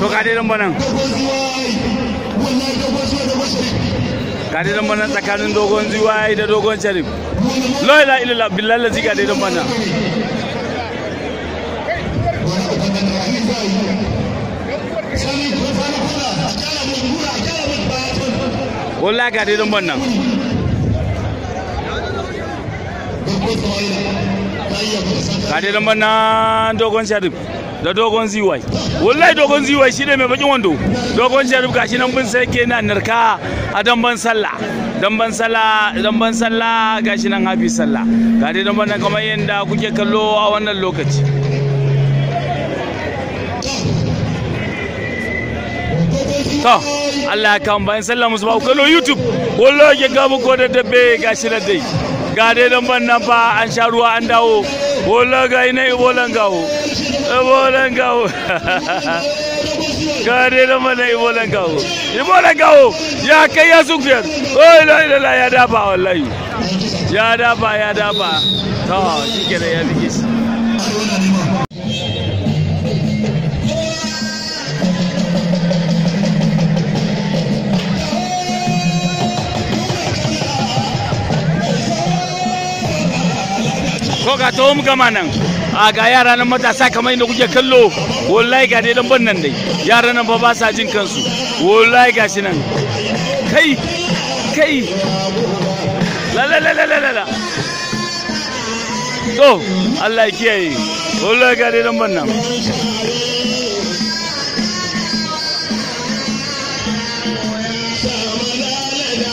to ga dai banan ga daidan banan tsakanin dogon ziwaye da dogon sharif lola ilila bilalla ji ga dai banan Wala ga daidan banan. ka dai lambar na dogon sharif da dogon ziwai wallahi dogon ziwai shi ne mai bakin wando dogon sharif shi nan bin sai ke na narka a damban sallah damban sallah damban sallah ga shi nan hafi sallah ga dai damban nan kamar yadda kuke kallo a wannan lokaci to Allah ya kawo bayan sallah musu ba ku kallo YouTube wallahi ya ga muku da dabbe gashi nan dai ga dai ban nan fa an sha ruwa an dawo bola ga ina ibolan gawo ibolan eh, gawo ga dai ban nan ibolan gawo ibolan gawo ya kai ya sufiyar oi la la ya dafa wallahi ya dafa ya dafa to shi kenan ya rike ka ta mu gama nan a ga yara nan matasa kamar inda kuke kallo wallahi ga dai dan ban nan dai yara nan ba ba sa jin kansu wallahi ga shi nan kai kai la la la la la to Allah ya kiyaye wallahi ga dai dan ban nan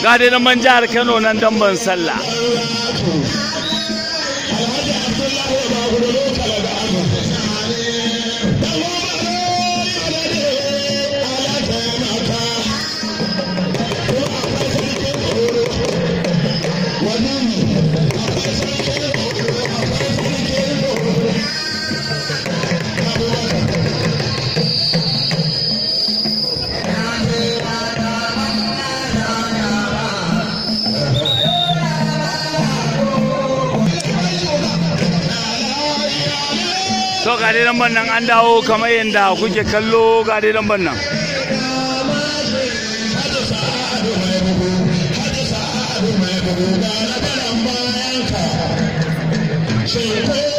ga dai nan jihar Kano nan dan ban sallah so ga dai lambar nan an dawo kamar yadda kuke kallo ga dai lambar nan Thank you.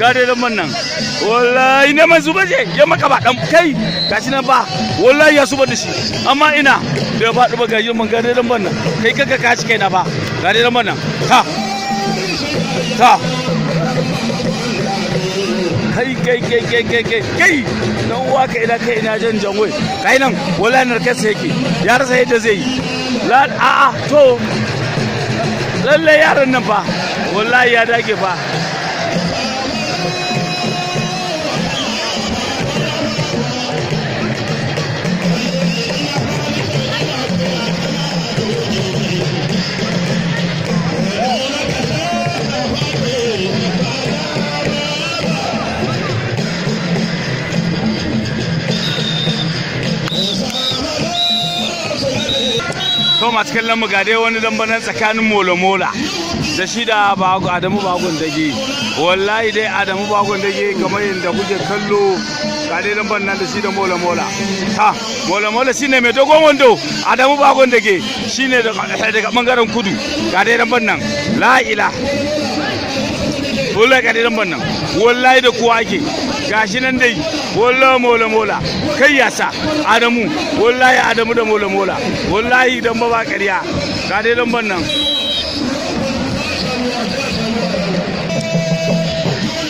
gare da man nan wallahi na man zuba je ya maka ba dan kai gashi nan ba wallahi ya zuba da shi amma ina da ba duba ga gashi man gare da man nan kai kaga ka ci kaina ba gare da man nan ta ta kai kai kai kai kai kai kai dan uwa ka ina kai ina jan jan wai kai nan wallahi narkarsa yake ya rasa yadda zai yi la a'a to lallai yaran nan fa wallahi ya dage fa masu cikin mu ga dai wani dambanan tsakanin mola-mola da shi da adamu bagon dage wallahi dai adamu bagon dage kamar yadda kuke kallo ga dai damban nan da shi da mola-mola ha mola-mola shine mai dogon wando adamu bagon dage shine daga bangaren eh, kudu ga dai damban nan la'ila wallahi ga dai damban nan wallahi da kuwa ake gashi nan dai walla mola mola kai yasa adamu wallahi adamu da mola mola wallahi dan ba ƙarya ga dai dan ban nan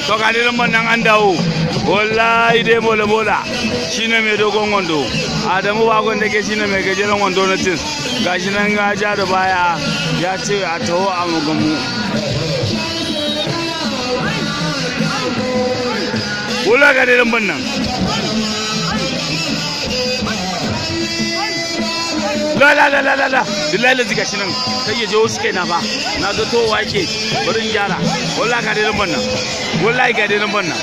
to ga dai dan ban nan an dawo wallahi dai mola mola shine mai dogon wando adamu bakon da ke shine mai gajeren wando na tin gashi nan ja da baya ya ce a taho a mu. Bola ga dai lamban nan. La la la la la la. Billahi zika shi nan. Kai ya je wasu kai na ba. Na ga towa yake. Bari in gyara. Wallahi ga dai lamban nan. Wallahi ga dai lamban nan.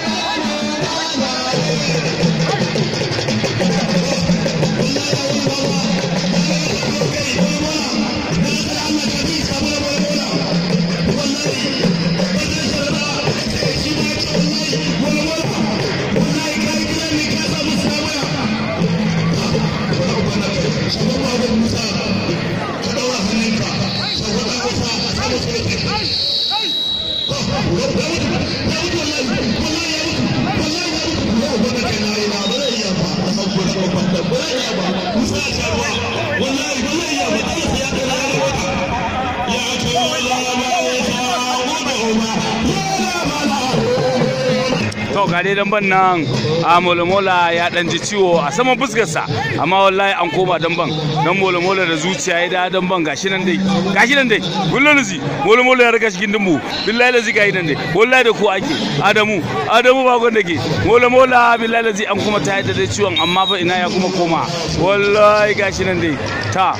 ga dan ban nan a molomola ya dan ji ciwo a saman fuskarsa amma wallahi an koma ban nan molomola da zuciya ya da ban gashi nan dai gashi nan dai gullon zi molomola ya cikin dumbu billahi lazi gashi nan dai wallahi da ku ake adamu adamu ba gonda ke molomola billahi lazi an kuma ta yadda dai ciwon amma fa ina ya kuma koma wallahi gashi nan dai ta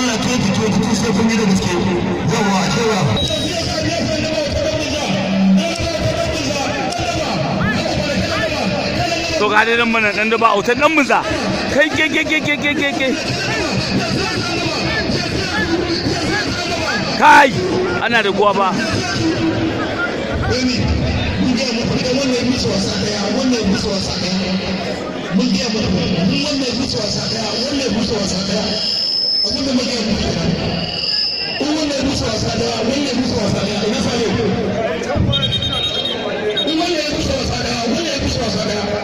Allah to fito fito sai kun yi da gaske yawa yawa to ga dai nan nan da ba autan nan muza kai ke ke ke ke ke ke ke kai ana da guwa ba mun abin da muke in wanda ya musu wasa da yawa wanda ya musu wasa da yawa ina sale in wanda ya musu wasa da yawa wanda ya musu wasa da yawa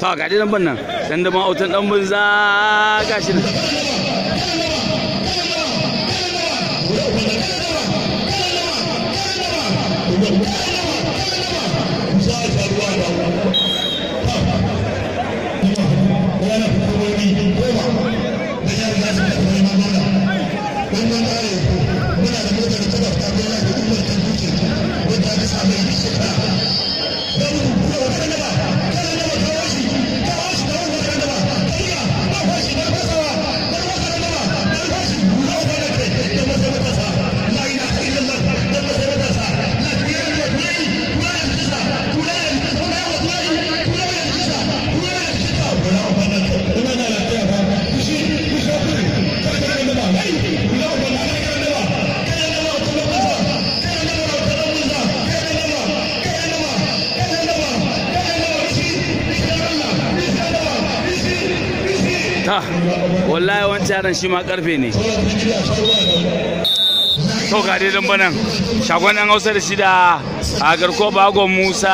ta ga dai nan ban nan dan da ma autan dan banza gashi nan yaron shi ma karfe ne to ga dai dan banan shagon an hausa da shi da a garko bagon musa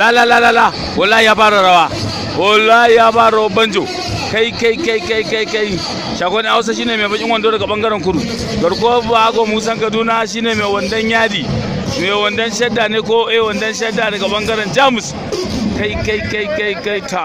la la la la wala ya fara rawa wala ya fara banjo kai kai kai kai kai kai shagon an hausa shine mai bakin wando daga bangaren kudu garko bagon musa kaduna shine mai wandon yadi mai wandon shadda ne ko eh wandon shadda daga bangaren jamus kai kai kai kai kai ta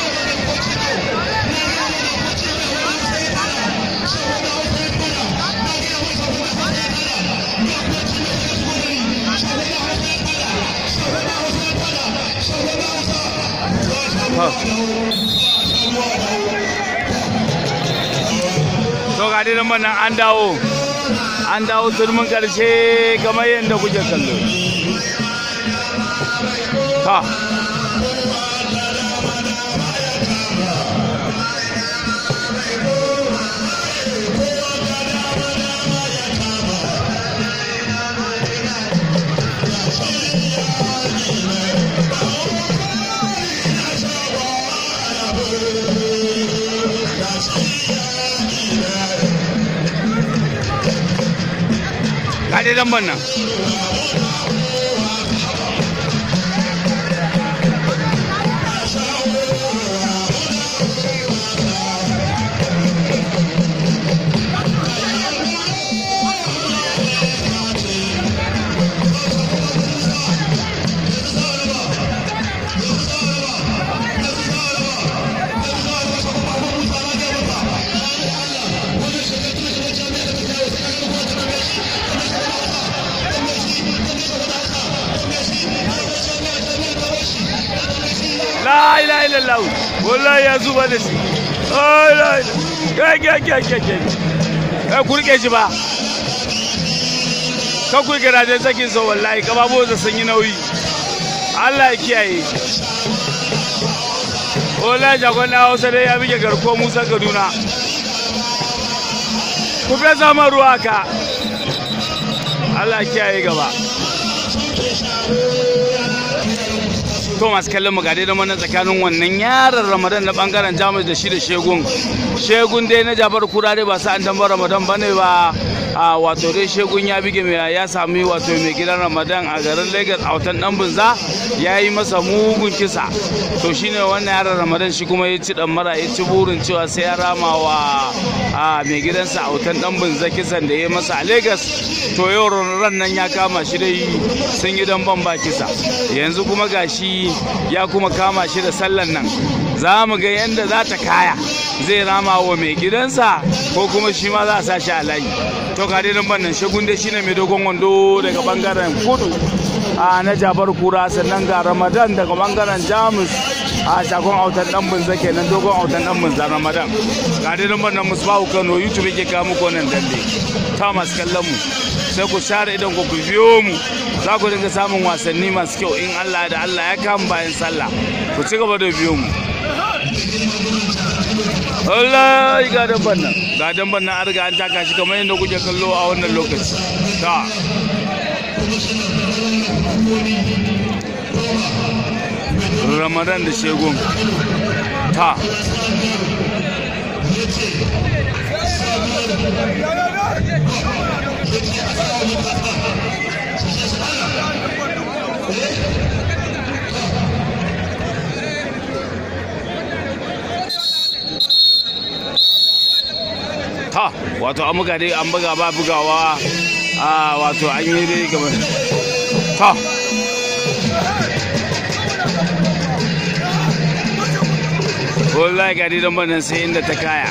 to ga dai nan an dawo an dawo turmin karshe kamar yadda kuke kallo ha dai lamban nan ba da shi kai kai kai kai kai kurke shi ba ka kurke rajin sakin sa wallahi ka babu da sun yi nauyi Allah ya kiyaye Ola jagon na Hausa dai ya bige garko Musa Kaduna ku fesa man ruwa ka Allah ya kiyaye gaba to masu kallon mu gare da mana tsakanin wannan yaran ramadan na bangaren jamus da shi da shegun shegun dai na jabar kura dai ba su an dambar ramadan ba ne ba a wato dai shegun ya bige mai ya sami wato mai gidan ramadan a garin lagos a watan dan bunza ya yi masa mugun kisa to shine wannan yaran ramadan shi kuma ya ci dan mara ya ci burin cewa sai ya rama wa mai gidansa a watan dan bunza kisan da ya masa a lagos to yau ran nan ya kama shi dai sun yi dan ban ba kisa yanzu kuma gashi ya kuma kama shi da sallan nan za mu ga yadda za ta kaya zai rama wa mai gidansa ko kuma shi ma za a sa shi a layi to ka dai ban nan shagun dai shine mai dogon wando daga bangaren kudu a na jabar kura sannan ga ramadan daga bangaren jamus a shagon autan dan bunza kenan dogon autan dan bunza ramadan ga dai nan nan musbahu kano youtube yake ga muku nan dambe ta masu kallon mu sai ku share idan ku biyo mu za ku dinga samun wasanni masu kyau in allah da allah ya kama bayan sallah ku ci gaba da biyo mu Allah ga damban nan ga damban nan an riga an taka shi kamar yadda kuke kallo a wannan lokaci ta ramadan da shegun ta ta wato an buga dai an buga ba bugawa a ah, wato an yi dai gaba ta wallahi gari don don sai inda ta kaya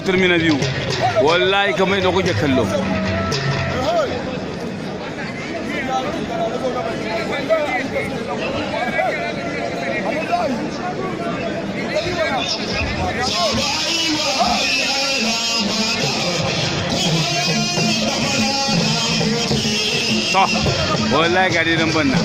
dawo turmi na biyu wallahi kamar da kuke kallo to wallahi ga dai dan banna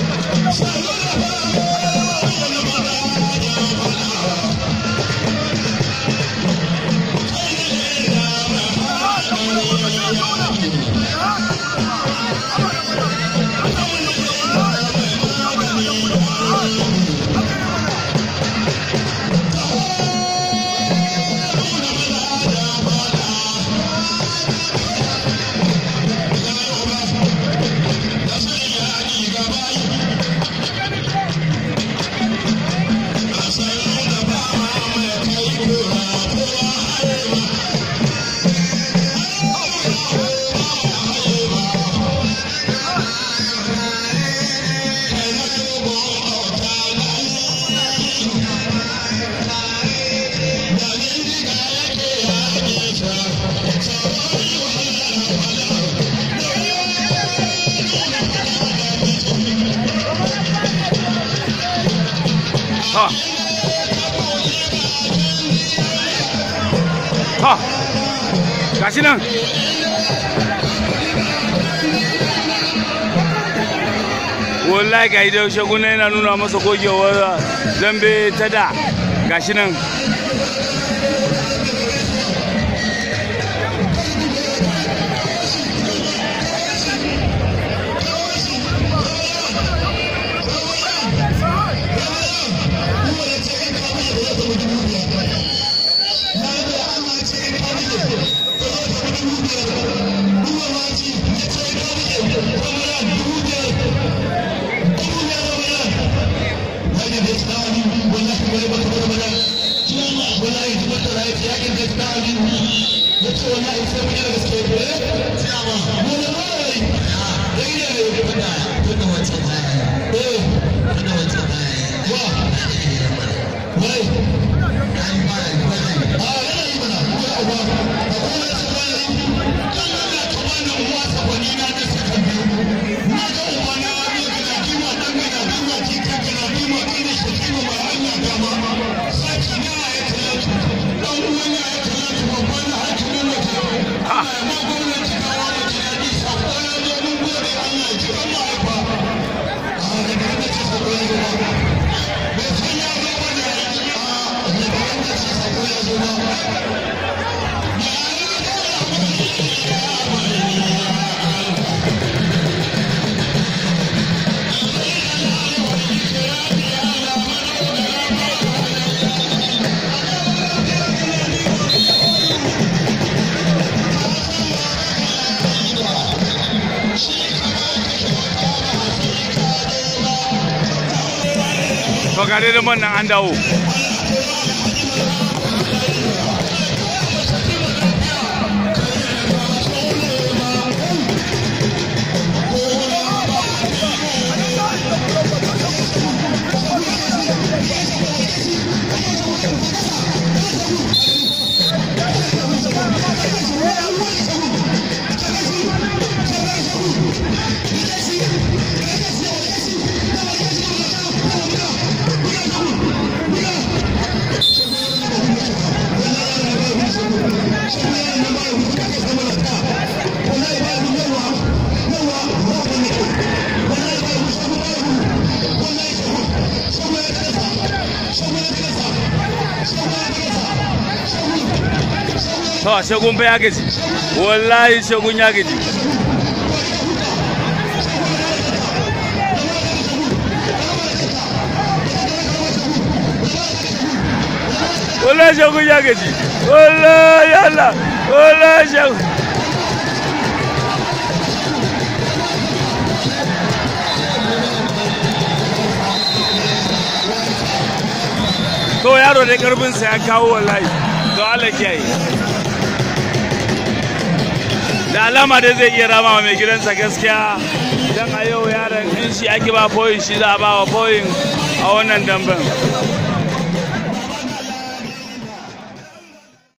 Ha. Ha. Gashi nan. wallahi ga idan shaguna yana nuna masa gogewar zambe ta da gashi daidai man nan an dawo shagun fa ya gaji wallahi shagun ya gaji wallahi shagun ya gaji wallahi Allah wallahi shagun to yaro da karfin sa ya kawo wallahi to Allah kiyaye da alama dai zai iya rama mai gidansa gaskiya don a yau yaran in shi ake ba foyin shi za a ba wa foyin a wannan damben